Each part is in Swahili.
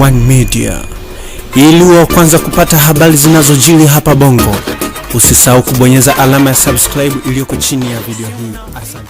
One Media, ili wa kwanza kupata habari zinazojiri hapa Bongo. Usisahau kubonyeza alama ya subscribe iliyoko chini ya video hii. Asante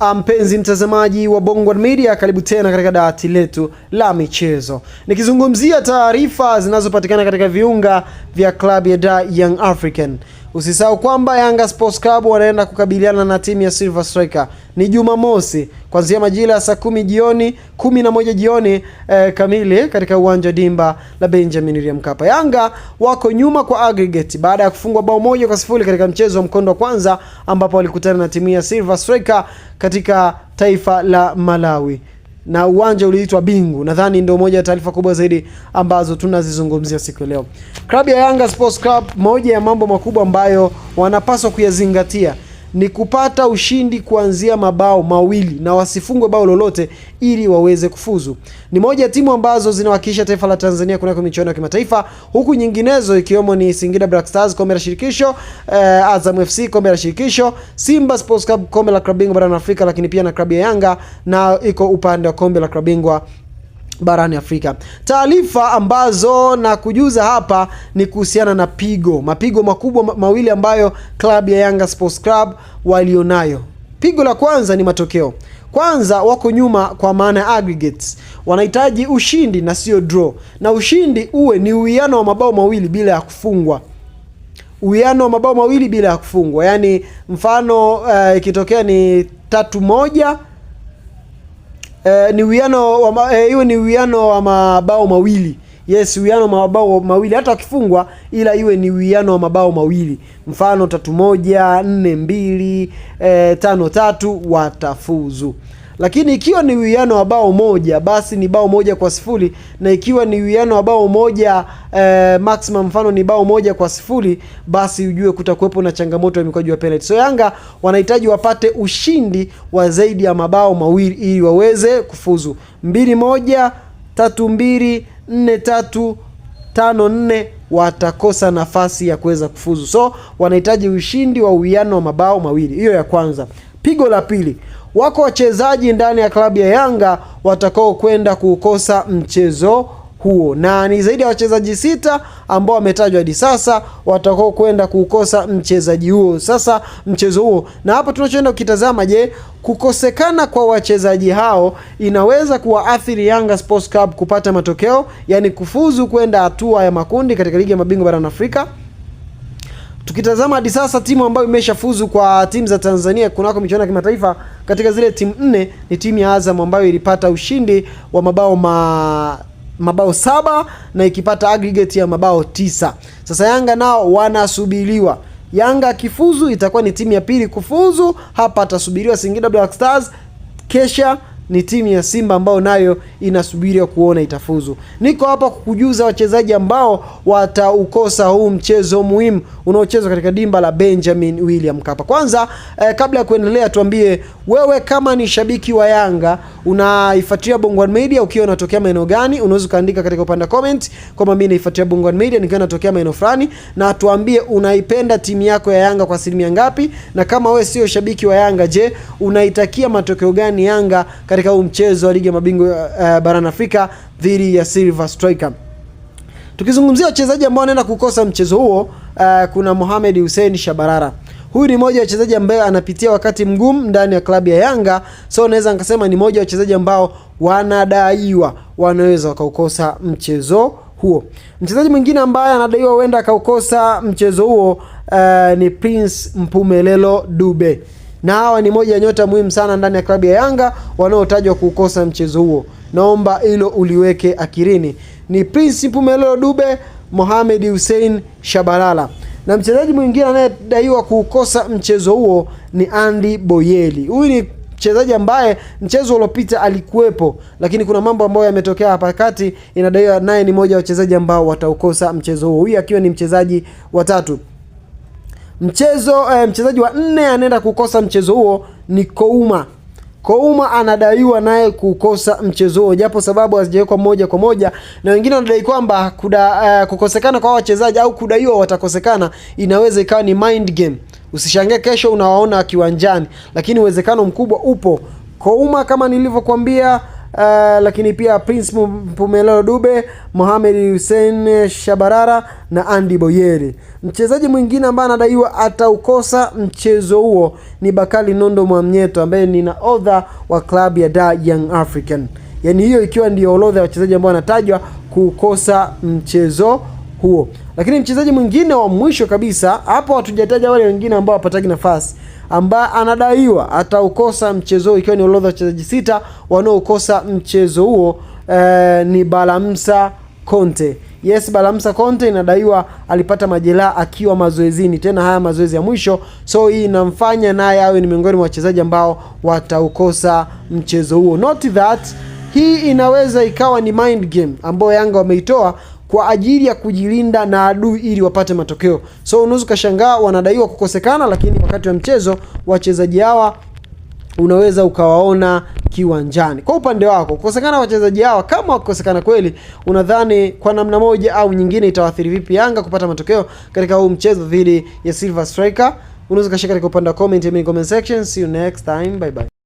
ah, mpenzi mtazamaji wa Bongo One Media, karibu tena katika dawati letu la michezo, nikizungumzia taarifa zinazopatikana katika viunga vya klabu ya Young African. Usisahau kwamba Yanga Sports Club wanaenda kukabiliana na timu ya Silver Striker ni Jumamosi kuanzia majira ya saa kumi jioni kumi na moja jioni eh, kamili katika uwanja wa dimba la Benjamin William Mkapa. Yanga wako nyuma kwa aggregate baada ya kufungwa bao moja kwa sifuri katika mchezo wa mkondo wa kwanza ambapo walikutana na timu ya Silver Striker katika taifa la Malawi na uwanja uliitwa Bingu. Nadhani ndio moja ya taarifa kubwa zaidi ambazo tunazizungumzia siku leo. Klabu ya Yanga Sports Club, moja ya mambo makubwa ambayo wanapaswa kuyazingatia ni kupata ushindi kuanzia mabao mawili na wasifungwe bao lolote ili waweze kufuzu. Ni moja ya timu ambazo zinawakilisha taifa la Tanzania kunako michuano ya kimataifa, huku nyinginezo ikiwemo ni Singida Black Stars kombe la shirikisho, eh, Azam FC kombe la shirikisho, Simba Sports Club kombe la klabu bingwa barani Afrika, lakini pia na klabu ya Yanga na iko upande wa kombe la klabu bingwa barani Afrika. Taarifa ambazo na kujuza hapa ni kuhusiana na pigo, mapigo makubwa mawili ambayo klabu ya Yanga Sports Club walionayo. Pigo la kwanza ni matokeo. Kwanza wako nyuma kwa maana ya aggregates, wanahitaji ushindi na sio draw, na ushindi uwe ni uwiano wa mabao mawili bila ya kufungwa uwiano wa mabao mawili bila ya kufungwa. Yaani mfano eh, ikitokea uh, ni tatu moja eh, ni uwiano wa hiyo eh, ni uwiano wa mabao mawili. Yes, uwiano wa mabao mawili hata wakifungwa ila iwe ni uwiano wa mabao mawili, mfano tatu moja, nne mbili, eh, tano tatu, watafuzu. Lakini ikiwa ni uwiano wa bao moja basi ni bao moja kwa sifuri, na ikiwa ni uwiano wa bao moja eh, maximum mfano ni bao moja kwa sifuri, basi ujue kutakuwepo na changamoto ya mikwaju ya penalty. So Yanga wanahitaji wapate ushindi wa zaidi ya mabao mawili ili waweze kufuzu mbili moja, tatu mbili, nne tatu, tano nne watakosa nafasi ya kuweza kufuzu. So wanahitaji ushindi wa uwiano wa mabao mawili. Hiyo ya kwanza. Pigo la pili, wako wachezaji ndani ya klabu ya Yanga watakao kwenda kuukosa mchezo huo na ni zaidi ya wachezaji sita ambao wametajwa hadi sasa watakao kwenda kukosa mchezaji huo sasa mchezo huo. Na hapa tunachoenda kukitazama, je, kukosekana kwa wachezaji hao inaweza kuwaathiri Yanga Sports Club kupata matokeo, yani kufuzu kwenda hatua ya makundi katika ligi ya mabingwa barani Afrika? Tukitazama hadi sasa timu ambayo imeshafuzu kwa timu za Tanzania kunako michuano ya kimataifa katika zile timu nne ni timu ya Azam ambayo ilipata ushindi wa mabao ma mabao saba na ikipata aggregate ya mabao tisa. Sasa Yanga nao wanasubiriwa. Yanga akifuzu itakuwa ni timu ya pili kufuzu. Hapa atasubiriwa Singida Black Stars, kesha ni timu ya Simba ambayo nayo inasubiria kuona itafuzu. Niko hapa kukujuza wachezaji ambao wataukosa huu mchezo muhimu unaochezwa katika dimba la Benjamin William Mkapa. Kwanza eh, kabla ya kuendelea, tuambie wewe kama ni shabiki wa Yanga unaifuatilia Bongo One Media ukiwa unatokea maeneo gani? Unaweza ukaandika katika upande wa comment kwamba mimi naifuatilia Bongo One Media nikiwa natokea maeneo fulani, na tuambie unaipenda timu yako ya Yanga kwa asilimia ngapi, na kama we sio shabiki wa Yanga, je, unaitakia matokeo gani Yanga katika huu mchezo wa ligi ya mabingwa uh, barani Afrika dhidi ya Silver Striker? Tukizungumzia wachezaji ambao wanaenda kukosa mchezo huo, uh, kuna Mohamed Hussein Shabarara Huyu ni mmoja wa wachezaji ambaye anapitia wakati mgumu ndani ya klabu ya Yanga, so naweza nikasema ni mmoja wa wachezaji ambao wanadaiwa wanaweza wakaukosa mchezo huo. Mchezaji mwingine ambaye anadaiwa huenda akaukosa mchezo huo uh, ni Prince Mpumelelo Dube, na hawa ni moja ya nyota muhimu sana ndani ya klabu ya Yanga wanaotajwa kuukosa mchezo huo. Naomba hilo uliweke akirini ni Prince Mpumelelo Dube, Mohamed Hussein Shabalala na mchezaji mwingine anayedaiwa kuukosa mchezo huo ni Andy Boyeli. Huyu ni mchezaji ambaye mchezo uliopita alikuwepo, lakini kuna mambo ambayo yametokea hapa kati, inadaiwa naye ni moja wa wachezaji ambao wataukosa mchezo huo, huyu akiwa ni mchezaji wa tatu. Mchezo eh, mchezaji wa nne anaenda kukosa mchezo huo ni Kouma Kouma anadaiwa naye kukosa mchezo huo japo sababu hazijawekwa moja kwa moja, na wengine wanadai kwamba uh, kukosekana kwa wachezaji au kudaiwa watakosekana inaweza ikawa ni mind game. Usishangae kesho unawaona kiwanjani, lakini uwezekano mkubwa upo Kouma kama nilivyokuambia uh, lakini pia Prince Mpumelelo Dube, Mohamed Hussein Shabarara na Andy Boyeri. Mchezaji mwingine ambaye anadaiwa ataukosa mchezo huo ni bakali Nondo Mwamnyeto ambaye ni odha wa klabu ya da Young African. Yaani hiyo ikiwa ndiyo orodha ya wachezaji ambao wanatajwa kukosa mchezo huo. Lakini mchezaji mwingine wa mwisho kabisa, hapo hatujataja wale wengine ambao wapatagi nafasi, ambaye anadaiwa ataukosa mchezo ikiwa ni orodha wachezaji sita wanaokosa mchezo huo eh, ni Balamsa Conte. Yes, Balamsa Conte inadaiwa alipata majeraha akiwa mazoezini, tena haya mazoezi ya mwisho, so hii inamfanya naye awe ni miongoni mwa wachezaji ambao wataukosa mchezo huo. Not that hii inaweza ikawa ni mind game ambayo Yanga wameitoa kwa ajili ya kujilinda na adui ili wapate matokeo. So unaweza ukashangaa wanadaiwa kukosekana, lakini wakati wa mchezo wachezaji hawa unaweza ukawaona kiwanjani. Kwa upande wako kukosekana wachezaji hawa, kama wakikosekana kweli, unadhani kwa namna moja au nyingine itawaathiri vipi Yanga kupata matokeo katika huu mchezo dhidi ya Silver Striker? Unaweza kashika katika upande wa comment, comment section. See you next time, bye bye.